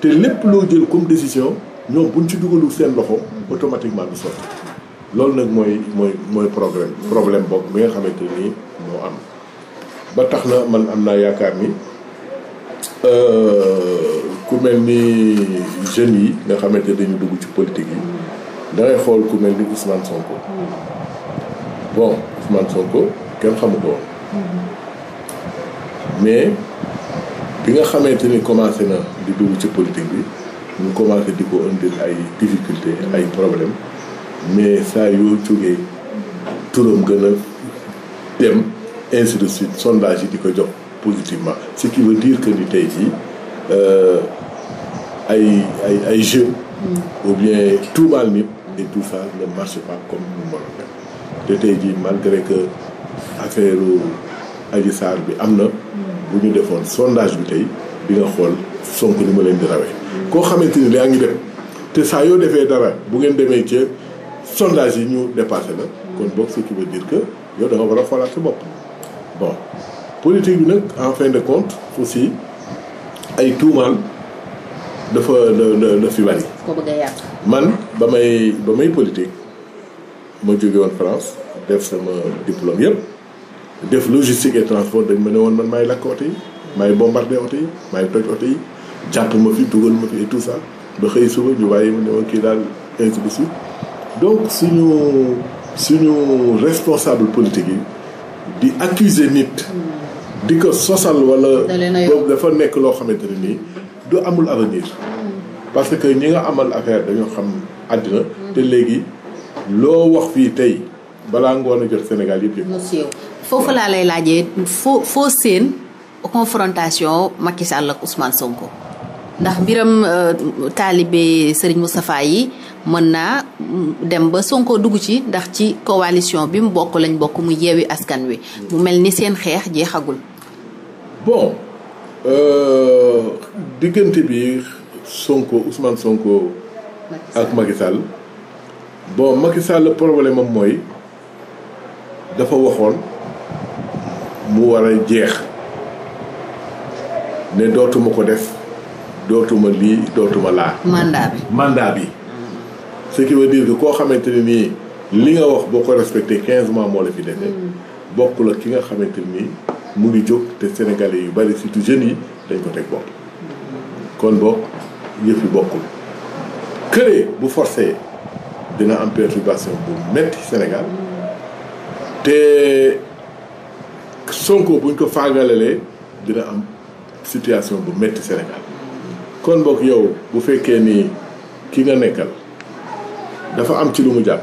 te lépp loo jël comme décision ñoom buñ ci dugalu seen loxo automatiquement du sotti loolu nag mooy mooy mooy problème problème boog bi nga xamante nii moo am ba tax na man am naa yaakaar ni euh, ku mel ni jeunes yi nga xamante dañu dugg ci politique yi dangay xool ku mel ni Ousmane ko bon Ousmane Sonko kenn xamu ko woon mm-hmm. mais bi nga xamante ni commencé na di dugg ci politique bi ñu commencé di ko indil ay difficulté ay problème mais saa yoo jógee turam gën a dem ainsi de suite yi di ko jox positivement ce qui veut dire que di tey jii euh, ay ay ay jeunes mm. ou bien tuumaal nit et tout ça ne marche pas comme nous voulons te tey jii malgré que affaire Adji Sarr bi am na. bu ñu defoon sondage bi tey bi nga xool Sonko ni ma leen di rawee. koo xamante ni yaa ngi dem te saa yoo defee dara bu ngeen demee ci sondage yi ñu dépassé la. kon boog ce qui veut dire que yow da war a xoolaat si bopp. bon politique bi nag en fin de compte aussi ay tuumaal dafa da da da fi bari. man ba may ba may politique. ma jóge woon France def sama diplôme yëpp def logistique et transport dañ ma ne woon man maay lakk oto yi maay bombardé oto yi maay toj oto yi jàpp ma fi dugal ma fi et tout ça ba xëy suba ñu bàyyi ma ne woon kii daal ainsi de suite donc suñu suñu responsable politique yi di accuser nit di ko sosal wala boobu dafa nekk loo xamante ne nii du amul avenir mm. parce que ñi nga amal affaire dañoo xam àddina mm. te léegi loo wax fii tey balaa ngoon a jot Sénégal yëpp yëpp. monsieur foofu laa lay laajee foo foo seen confrontation Macky Sall ak Ousmane Sonko. ndax mbiram euh, taalibe Serigne Moustapha yi mën naa dem ba Sonko dugg ci ndax ci coalition bi mu bokk lañ bokk mu yeewi askan wi. mu mel ni seen xeex jeexagul. bon euh, diggante bi Sonko Ousmane Sonko. ak Macky bo Macky Sall problème am mooy dafa waxoon mu war a jeex ne dootuma ko def dootuma lii dootuma laa. mandat bi mandat bi. ce qui veut dire koo xamante ne nii li nga wax boo ko respecté quinze mois moo la fi defee. Mm. bokk la ki nga xamante ne nii mu ngi jóg te sénégalais yu bari surtout jeunes yi dañ ko teg bopp kon bokk yëf yi bokkul. këree bu forcé. dina am perturbation bu metti Sénégal te Sonko buñ ko faagalalee dina am situation bu metti Sénégal kon bokk yow bu fekkee ni ki nga nekkal dafa am ci lu mu jàpp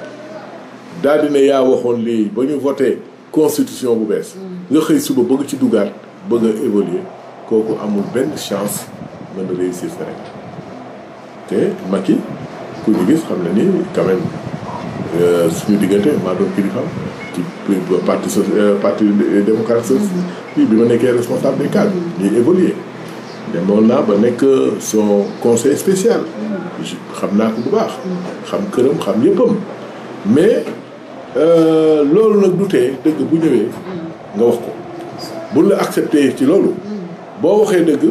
daal di ne yaa waxoon lii ba ñu voté constitution bu bees mm. nga xëy suba bëgg ci dugaat bëgg a évoluer kooku amul benn chance mën a réussir Sénégal te Macky ku ñu gis xam na ni quand euh, suñu diggante maa doon kilifa ci parti so euh, parti démocrate bi mm-hmm. bi ma nekkee responsable des cadres ñuy mm-hmm. évoluer demoon ba nekk euh, son conseil spécial mm-hmm. xam naa bu baax xam këram xam yëppam mais loolu nag du dëgg bu ñëwee nga wax ko bu la accepté ci loolu boo waxee dëgg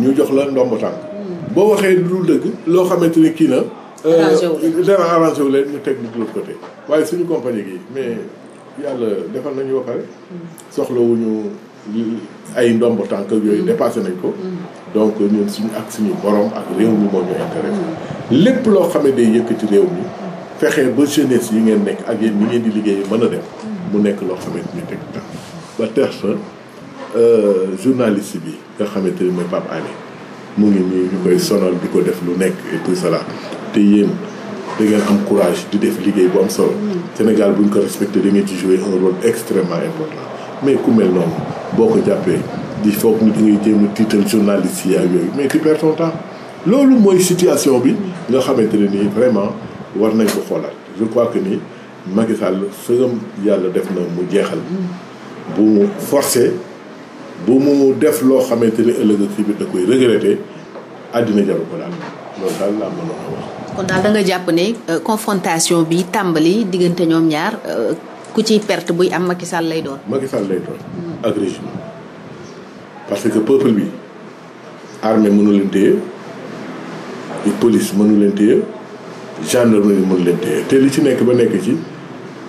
ñu jox la ndomb tànk boo waxee lu dul dëgg loo xamante ni kii na. Euh, dara arrangé wu leen ñu teg de l'autre côté. waaye suñu compagnie gi mais yàlla defal nañu ba pare. Mm. soxlawuñu ay ndombo tànk yooyu mm. dépassé nañ ko. Mm. donc suñu ak suñu borom ak réew mi moo ñu intéressé. lépp loo xam ne day yëkkati réew mi. fexe ba jeunesse yi ngeen nekk ak yéen ñi ngeen di liggéey mën a dem. mu nekk loo xamante ni teg na ba tax euh, journaliste bi nga xamante ni mooy Pape Alé. mu ngi nii ñu koy sonal di ko def lu nekk et tout cela te yéen da ngeen am courage di def liggéey bu am solo Sénégal bu ñu ko respecté da ngeen ci jouer un rôle extrêmement important mais ku mel noonu boo ko jàppee di foog ni da ngay jéem a tiital journaliste yi ak mais tu perds ton temps loolu mooy situation bi nga xamante ne nii vraiment war nañ ko xoolaat je crois que nii Macky Sall sëgam yàlla def na mu jeexal bu mu forcé bu mu def loo xamante ni ëllëg ak si biir da koy regretter àddina jaru ko daal loolu daal laa mënoon a wax. kon daal da nga jàpp ne euh, confrontation bi tàmbali diggante ñoom ñaar euh, ku ci perte buy am Macky Sall lay doon. Macky Sall hmm. parce que peuple bi armée mënu leen téye police mënu leen téye gendarmerie mënu leen téye te li ci nekk ba nekk ci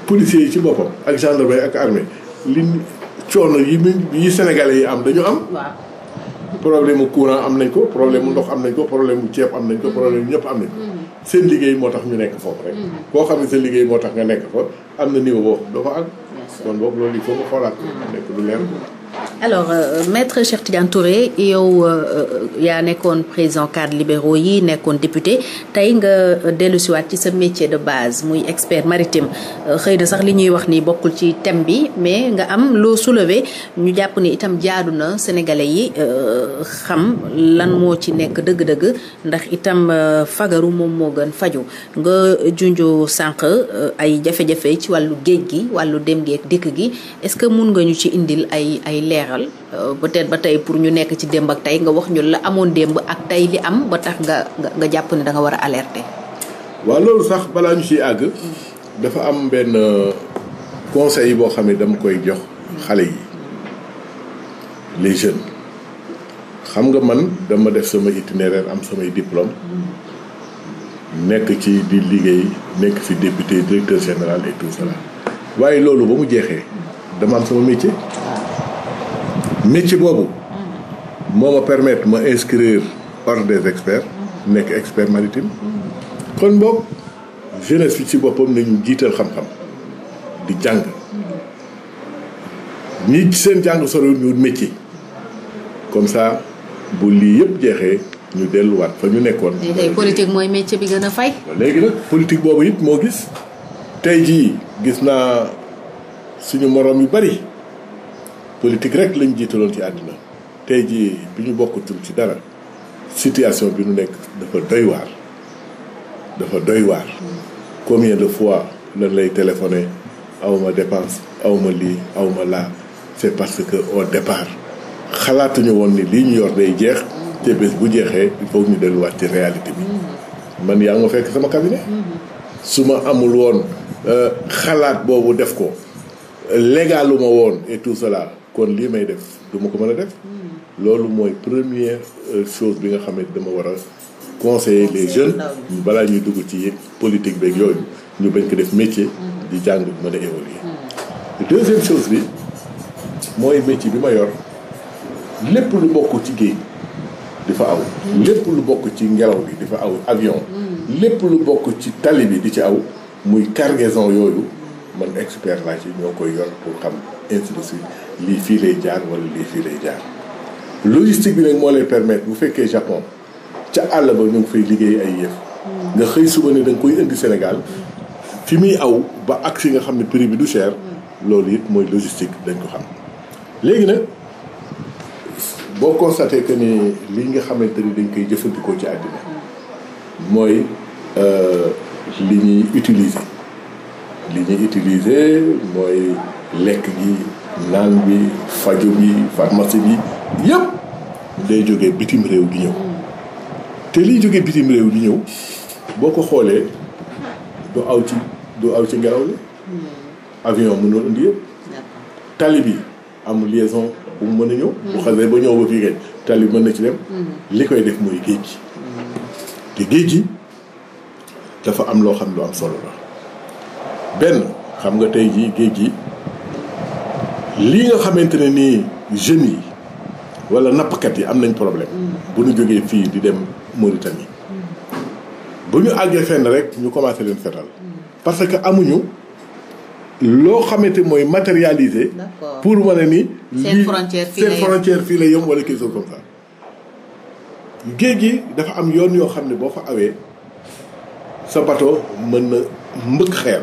policiers yi ci boppam ak gendarmerie ak armée coono yi yi Sénégalais yi am dañu am. problème mu courant am nañ ko problème mu ndox am nañ ko problème mu ceeb am nañ ko mm-hmm. problème mu ñëpp am nañ ko. Mm-hmm. seen liggéey moo tax ñu nekk foofu rek. Mm-hmm. koo xam ne seen liggéey moo tax nga nekk fa am na niveau boo dafa ak. kon boobu loolu il faut nga xoolaat. nekk du leer alors euh, maître Cheikh Tidiane yow euh, euh, yaa nekkoon président cadre libéraux yi nekkoon député tey nga euh, dellusiwaat ci sa métier de base muy expert maritime xëy na sax li ñuy wax ni bokkul ci thème bi mais nga am loo soulevé ñu jàpp ni itam jaadu na sénégalais yi xam lan moo ci nekk dëgg-dëgg ndax itam fagaru moom moo gën faju nga junjoo sànq ay jafe-jafe ci wàllu géej gi wàllu dem gi ak dikk gi est-ce mun nga ñu ci indil ay ay leeral euh, peut-être ba tey pour ñu nekk ci démb ak tey nga wax ñu la amoon démb ak tey li am ba tax nga nga jàpp ne da war a alerter. waa loolu sax balaa ñu siy àgg. dafa am benn euh, conseil boo xam ne dama koy jox xale yi les jeunes xam nga man dama def sama itinéraire am samay diplôme nekk ci di liggéey nekk fi député directeur général et tout cela waaye loolu ba mu jeexee dama am sama métier. métier boobu moo ma permettre ma inscrire par des experts nekk expert maritime kon boobu jeunesse bi ci boppam nañu jiital xam-xam di jàng ñi seen jàng solo yu ñu métier comme sa bu lii yëpp jeexee ñu delluwaat fa ñu nekkoon. léegi politique mooy métier bi gën a fay. léegi nag politique boobu it moo gis tey jii gis naa suñu moroom yu bari politique rek lañ jiitaloon ci àdduna tey jii bi ñu bokk bokkutul ci dara situation bi ñu nekk dafa doy waar dafa doy waar combien de fois lañ lay téléphoné awma dépense awma lii awma laa c'est parce que au départ xalaatuñu woon ni lii ñu yor day jeex te bés bu jeexee il faut ñu delluwaat ci réalité bi man yaa nga fekk sama cabinet su ma amul woon euh, xalaat boobu def ko légaluma woon et tout cela kon lii may def du ma ko mën a def hmm. loolu mooy première euh, chose bi nga xam ne dama war a conseiller les jeunes balaa ñuy dugg ci politique beeg yooyu ñu bañ ko def métier hmm. di jàng mën a évoluer hmm. deuxième chose bi mooy métier bi ma yor lépp lu bokk ci géej di fa aw lépp lu bokk ci ngelaw bi di fa aw avion lépp lu bokk ci tali bi di ci aw muy cargaison yooyu man expert laa ci ñoo koy yor pour xam ainsi de suite lii fii lay jaar wala lii fii lay jaar logistique bi nag moo lay permettre bu fekkee Japon ca àll ba ñu ngi fay liggéey ay yëf nga xëy suba ne da koy indi Sénégal fi muy aw ba ak si nga xam ne prix bi du cher loolu it mooy logistique dañ ko xam léegi nag boo constaté que ni lii nga xamante ni dañ koy jëfandikoo ci àddina mooy euh, li ñuy utiliser li mooy lekk gi naan bi faju bi pharmacie bi yëpp day jógee bitim réew di ñëw te liy jógee bitim réew di ñëw boo ko xoolee du aw ci du aw ci ngelaw li avion mënul indi yëpp tali bi am liaison bu mu mën a ñëw bu xasee ba ñëw ba fii kay tali mën na ci dem mhm. li koy def mooy géej gi mhm. te géej gi dafa am loo xam lu am solo la benn xam nga tey jii géej gi lii nga xamante ne nii jeunes yi wala nappkat yi am nañ problème. Mm. bu ñu jógee fii di dem Mauritanie. Mm. bu ñu àggee fenn rek ñu commencé leen seetal. Mm. parce que amuñu loo xamante mooy matérialiser. pour mën a ni. seen frontière fii la yem wala quelque géej gi dafa am yoon yoo xam ne boo fa awee sa bateau mën na mbëkk xeer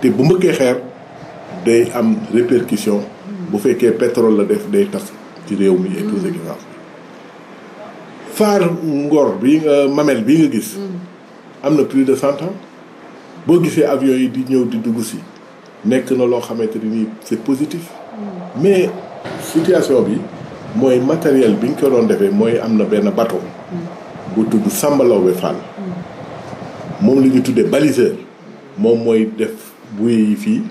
te bu mbëkkee xeer. day am répercussion bu fekkee pétrole la def day tas ci réew mi et tout ce faar Ngor bii nga Mamel bii nga gis am na plus de cent ans boo gisee avion yi di ñëw di dugg si nekk na loo xamante ni si positif mais situation bi mooy matériel bi nga ko doon defee mooy am na benn bateau bu tudd Samba Laobé Fall moom la ñu tuddee baliseur moom mooy def bu yi fii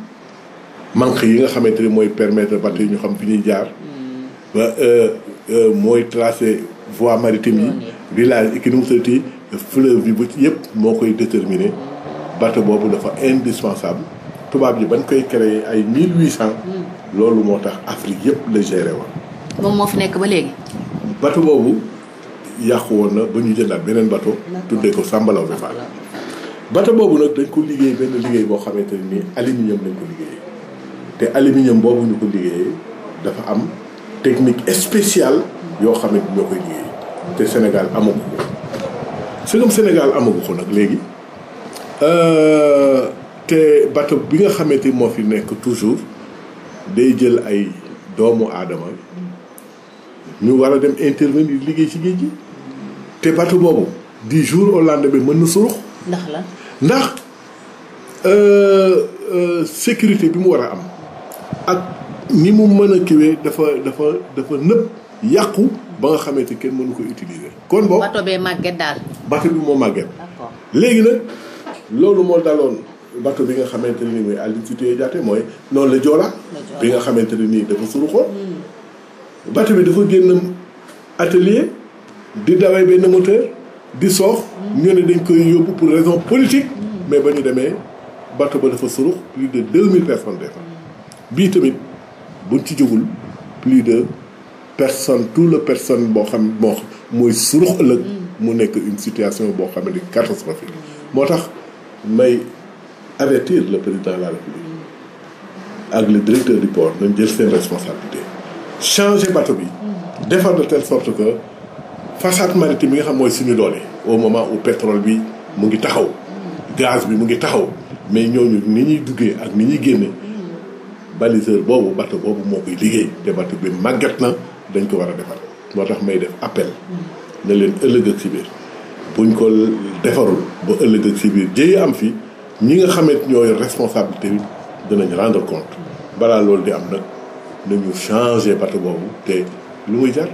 manque yi nga xamante ni mooy permettre bateau yi ñu xam fi ñuy jaar. ba euh, euh, mooy tracé voie maritime yi. village yi ki nu mu fleuve bi ba ci yëpp moo koy déterminer bateau boobu dafa indispensable tubaab yi bañ koy créer ay 1800. Hmm. loolu moo tax Afrique yëpp la géré woon. moom moo fi nekk ba léegi. bateau boobu yàqu woon na ba ñu jëndaat beneen bateau. tuddee ko Sambalaw Befal. bateau boobu nag dañ ko liggéey benn liggéey boo xamante ne alin aluminium lañ ko liggéey te aluminium boobu ñu ko liggéeyee dafa am technique spéciale yoo xam ne ñoo koy liggéey te Sénégal amagu ko sëgam Sénégal amagu ko nag léegi euh, te bateau bi nga xamante moo fi nekk toujours day jël ay doomu aadama ñu war a dem intervenir liggéey ci géej gi te bateau boobu di jour au bi mën na surux ndax la ndax euh, euh, sécurité bi mu war a am ak ni mu mën a kiwee dafa dafa dafa nëb yàqu ba nga xamante kenn mënu ko utiliser. kon boo bato màgget daal. bato bi moo màgget. d'accord léegi nag loolu moo daloon bato bi nga xamante ne nii mooy Aline Sitoé Diatta mooy noonu la Joola. bi nga xamante ne nii dafa suru ko. Hmm. bato bi dafa génn atelier di dawee benn moteur di soof hmm. ñu ne dañ koy yóbbu pour raison politique. Hmm. mais ba ñu demee bato ba dafa surux plus de 2000 personnes des fois. bii tamit buñ ci jógul plus de personne tout le personne boo xam moo mooy surux ëllëg mm. mu nekk une situation boo xam ne catastrophique moo tax may avertir le président de la république ak le directeur du port nañ jël seen responsabilité changer bateau bi mm. defar de telle sorte que façade maritime bi nga xam mooy suñu doole au moment où pétrole bi mu ngi taxaw mm. gaz bi mu ngi taxaw mais ñooñu ni ñuy duggee ak ni ñuy génne baliseur boobu bateau boobu moo koy liggéey te bateau bi màgget na dañ ko war a defar moo tax may def appel ne leen ëllëg ak si biir buñ ko defarul ba ëllëg ak si biir jéye am fi ñi nga xamante ñooy responsabilité bi dinañ rendre compte balaa loolu di am nag nañu changer bateau boobu te lu muy jar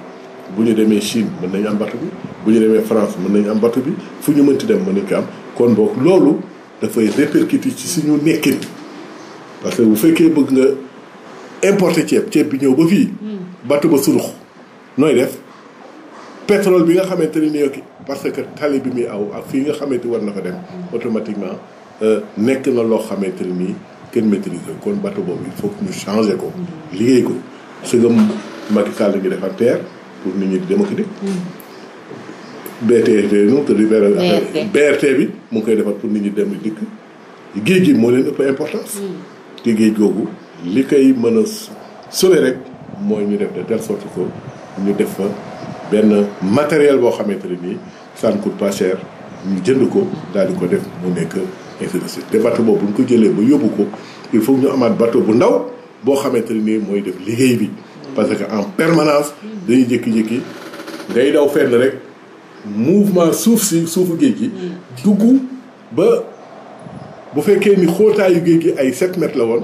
bu ñu demee Chine mën nañu am bateau bi bu ñu demee France mën nañu am bateau bi fu ñu mënti dem mën nañu ko am kon boog loolu dafay répercuter ci suñu nekkin parce que bu fekkee bëgg nga importer ceeb ceeb bi ñëw ba fii. Hmm. batt ba surux nooy def pétrole bi nga xamante ni nii parce que tali bi muy aw ak fii nga xamante war na fa dem. Hmm. automatiquement euh, nekk na loo xamante ne nii kenn maîtriser kon bateau boobu il faut que changer ko. Hmm. liggéey ko sëgam Macky Sall ngi defar terre pour nit ñi di dem ak dikk. BRT bi mu ngi koy defar pour nit ñi dem dikk géej gi moo leen ëpp importance. géej googu li koy mën a rek mooy ñu def de telle sorte ko ñu def fa benn matériel boo xamante ne nii ça ne coûte ñu jënd ko daal di ko def mu nekk ainsi de te bateau boobu ñu ko jëlee ba yóbbu ko il faut ñu amaat bateau bu ndaw boo xamante ne nii mooy def liggéey bi. parce que en permanence dañuy jékki-jékki ngay daw fenn rek mouvement suuf si suufu géej gi mm. dugg ba. bu fekkee ni xootaayu géej gi ay 7 mètres la woon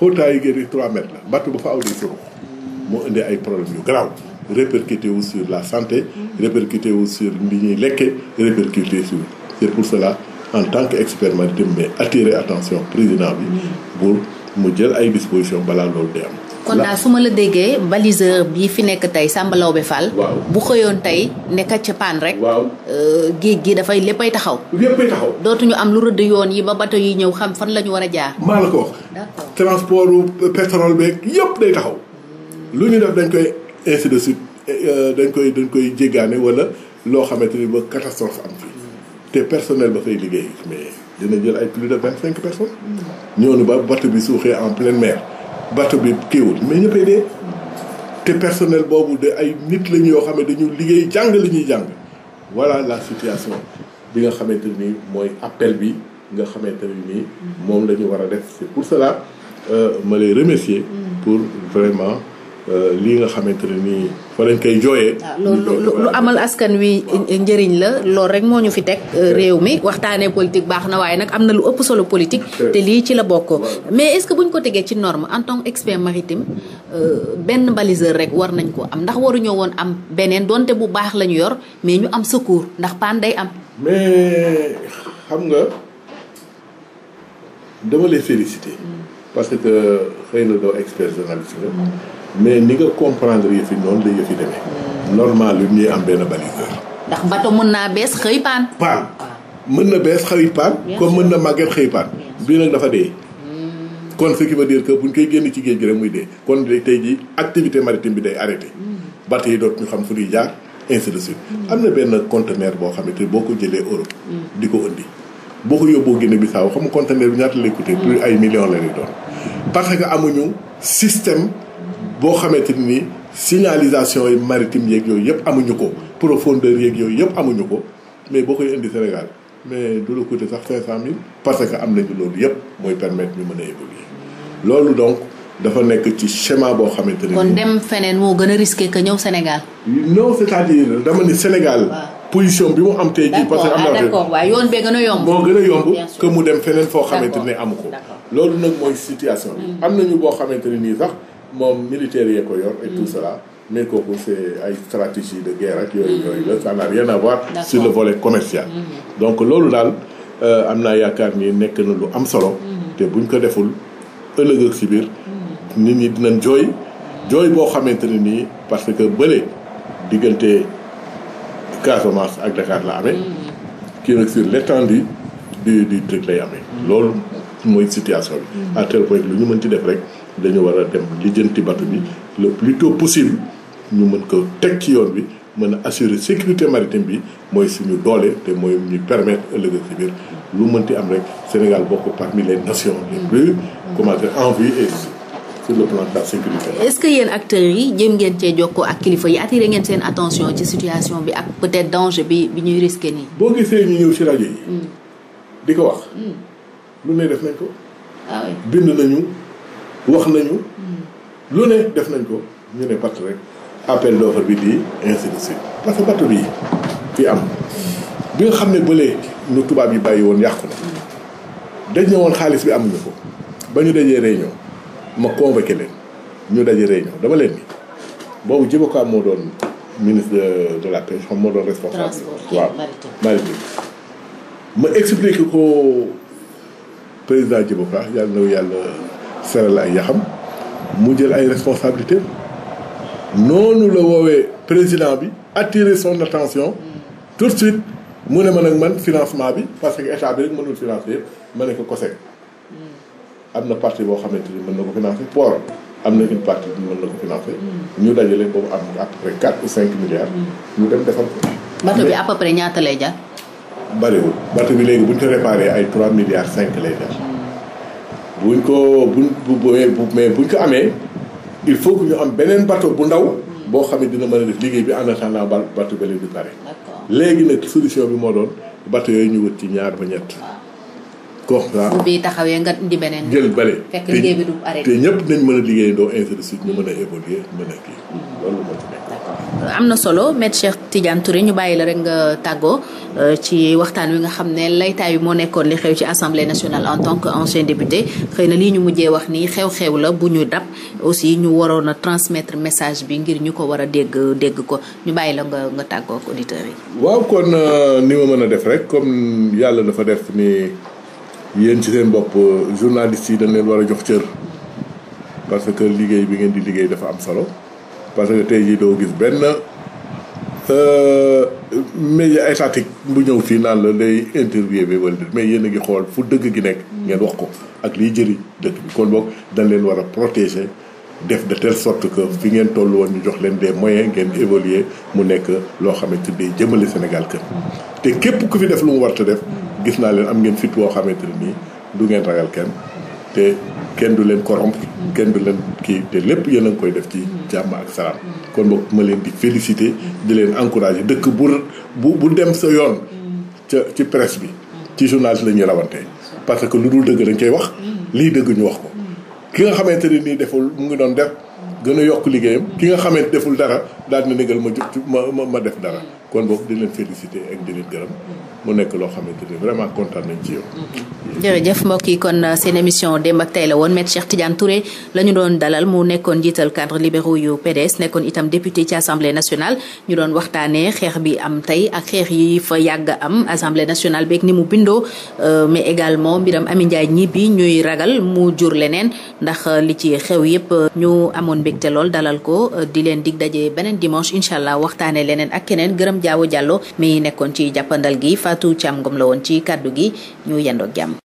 xóotaayu géej gi 3 mètres la bateau bu fa aw day surux moo indi ay problème yu grave répercuté sur la santé répercuté wu sur li ñuy lekkee répercuté sur c'est pour cela en tant que expert maritime mais attirer attention président bi pour mu jël ay disposition balaa loolu day am kon daal su ma la déggee baliseur bi fi nekk tey sàmbalaw Laobé Fall. waaw bu xëyoon tey nekkat ca paan rek. waaw euh, géej gi dafay léppay taxaw. léppay taxaw dootuñu am lu rëdd yoon yi ba bato yi ñëw xam fan la ñu war a jaar. maa la ko wax. d'accord transport personnel beeg yëpp day taxaw. lu ñu def dañ koy ainsi de suite euh, dañ koy dañ koy jéggaane wala loo xamante ni ba catastrophe am fi te personnel ba fay liggéey mais dina jël ay plus de vingt cinq personnes. Mm. ñooñu ba bato bi suuxee en pleine bateau bi kiiwul mais ñëppay dee te personnel boobu de ay nit lañu yoo xam ne dañu liggéey jàng li ñuy jàng voilà la situation bi nga xamante ni mooy appel bi nga xamante ni nii moom la ñu war a def c'est pour cela euh, ma lay remercier mm. pour vraiment Euh, lii nga xamante ne nii fa lañ koy jooyee. Ah, loolu lu amal askan wi njëriñ la lool rek moo ñu fi euh, teg réew mi waxtaanee politique baax na waaye nag am na lu ëpp solo politique. te lii ci la bokk. mais est-ce que bu ko tegee ci norme en tant qu'expert maritime euh, benn baliseur rek war nañ ko am ndax waruñoo woon am beneen donte bu baax la ñu yor mais ñu am secours ndax paan day am. xam nga dama mais ni nga comprendre yëf yi noonu la yëf yi demee. Hmm. normal lu ñuy am benn baliseur. ndax bato mën naa bees xëy paan. mën na bees xëy paan. comme mën na màgget xëy bii nag dafa dee. Hmm. kon ce qui veut bu ñu koy génn ci géej gi rek muy dee kon tey jii activité maritime bi day arrêté. Hmm. bato yi dootuñu xam fu ñuy jaar ainsi am na benn conteneur boo xamante boo ko jëlee Europe. di ko indi boo ko yóbboo Guinée Bissau xam nga bi ñaata lay coûté. ay millions la lay parce que amuñu système. boo xamante ni signalisation yi maritime yeeg yooyu yëpp amuñu ko profondeur yeeg yooyu yëpp amuñu ko mais boo koy indi Sénégal mais du la coûter sax 500000 parce que am nañu loolu yëpp mooy permettre ñu mën a loolu donc dafa nekk ci schéma boo xamante ne. kon dem feneen moo gën a risqué que ñëw Sénégal. non cest à Sénégal. position bi mu am tey jii. parce que am na d'accord ah, waaw yoon yomb. moo gën a yomb que mu dem feneen foo xamante ne amu ko. loolu nag mooy situation hmm. am na ñu boo xamante ne nii sax. moom militaire yee ko yor et tout mm. cela mais kooku c'est ay stratégie de guerre ak yooyu mm. yooyu la ça n'a rien à sur le volet commercial mm-hmm. donc loolu daal euh, am na yaakaar ni nekk na lu am solo mm-hmm. te buñ ko deful ëllëg ak si mm-hmm. nit ñi dinañ jooy jooy boo xamante ne nii parce que bële diggante Casamance ak Dakar la amee kii nag sur l'étendue du loolu mooy situation bi à tel lu ñu mën ci def rek dañu war a dem lijjanti bato bi le plus tôt possible ñu mën ko teg ci yoon bi mën a assurer sécurité maritime bi mooy suñu doole te mooy ñu permettre ëllëg ci biir lu mënti am rek Sénégal bokk parmi les nations les plus comment dire en vue et sur le plan de sécurité. est-ce que yéen acteurs yi jéem ngeen cee jokkoo ak kilifa yi attiré ngeen seen attention ci situation bi ak peut-être danger bi bi ñuy risqué nii. boo gisee ñu ñëw ci rajo yi. Hmm. di ko wax. Hmm. lu ne def nañ ko. Ah bind nañu. wax nañu lu ne def nañ ko ñu ne batt rek appel d'offre bi di ainsi parce que batt bii fi am bi nga xam ne bële ñu tubaab yi bàyyi woon yàqu na dañ ne woon xaalis bi amuñu ko ba ñu dajee réunion ma convoqué leen ñu daje réunion dama leen ni boobu Djibo moo doon ministre de la pêche xam moo doon responsable waaw maritime ma expliqué ko président Djibo Ka yàlla na yàlla seral ay yaxam mu jël ay responsabilités noonu la woowee président bi attirer son attention tout de suite mu ne ma nag man financement bi parce que état bi rek mënul financer yëpp ma ne ko COSEC hmm. am na partie boo xamante ni mën na ko financer port am na une partie bi mën na ko financer hmm. ñu dajale boobu am à peu près quatre ou cinq milliards hmm. ñu dem defal ko bato bi à peu près ñaata lay jar bariwul bato bi léegi bu ñu ko réparé ay trois milliards cinq lay jar buñ ko bu mais bu buñ ko amee il faut ñu am beneen bateau bu ndaw boo xam ne dina mën a def liggéey bi en attendant bateau ba léegi pare léegi nag solution bi moo doon bateau yooyu ñu wut ci ñaar ba ñett kooxla bi taxawee nga indi beneen jël bale fekk liggéey bi du arrêté te ñëpp nañ mën a liggéey doo ainsi de ñu mën a évoluer mën a kii hmm. loolu moo am na solo Maître Cheikh Tidiane Touré ñu bàyyi la rek nga tàggoo euh, ci waxtaan wi nga xam ne laytaay wi moo nekkoon li xew ci assemblée nationale en tant que ancien député xëy na lii ñu mujjee wax nii xew-xew la bu ñu dab aussi ñu waroon a transmettre message bi ngir ñu ko war a dégg dégg ko ñu bàyyi la nga nga tàggoo ak auditeurs yi. waaw kon euh, ni ma mën a def rek comme yàlla dafa def ni yéen ci seen bopp euh, journalistes yi dañ leen war a jox cër parce que liggéey bi ngeen di liggéey dafa am solo. parce que tey jii doo gis benn média étatique bu ñëw fii naan la day interview bi wala mais yéen a ngi xool fu dëgg gi nekk ngeen wax ko ak liy jëriñ dëkk bi kon boog dañ leen war a protéger def de telle sorte que fi ngeen toll woon ñu jox leen des moyens ngeen évoluer mu nekk loo xamante ni jëmale Sénégal kër te képp ku fi def lu mu war def gis naa leen am ngeen fit woo xamante ne nii du ngeen ragal kenn te kenn du leen corrompre kenn du leen kii te lépp yéen a ngi koy def ci jàmm ak salaam kon boog ma leen di féliciter di leen encourager dëkk bu bu bu dem sa yoon ca ci presse bi ci journaliste la ñuy rawante parce que lu dul dëgg dañ koy wax lii dëgg ñu wax ko ki nga xamante ne nii deful mu ngi doon def gën a yokk liggéeyam ki nga xamante deful dara daal na négal ma ma ma def dara kon boog di nekk loo xamante ni vraiment mbokk yi kon euh, seen émission démb ak la woon maître Cheikh Tidiane Touré la ñu doon dalal mu nekkoon jiital cadre libéraux yu PDS nekkoon itam député ci assemblée nationale ñu doon waxtaanee xeex bi am tey ak xeex yi fa yàgg am assemblée nationale beeg ni mu bindoo euh, mais également mbiram Amy Ndiaye ñibbi ñuy ragal mu jur leneen ndax euh, li ci xew yépp ñu amoon mbégte lool dalal ko di leen dig daje beneen dimanche incha allah Diawo Diallo mi nekkoon ci jàppandal gi Fatou Thiam ngoom la woon ci kàddu gi ñu yendoog jàmm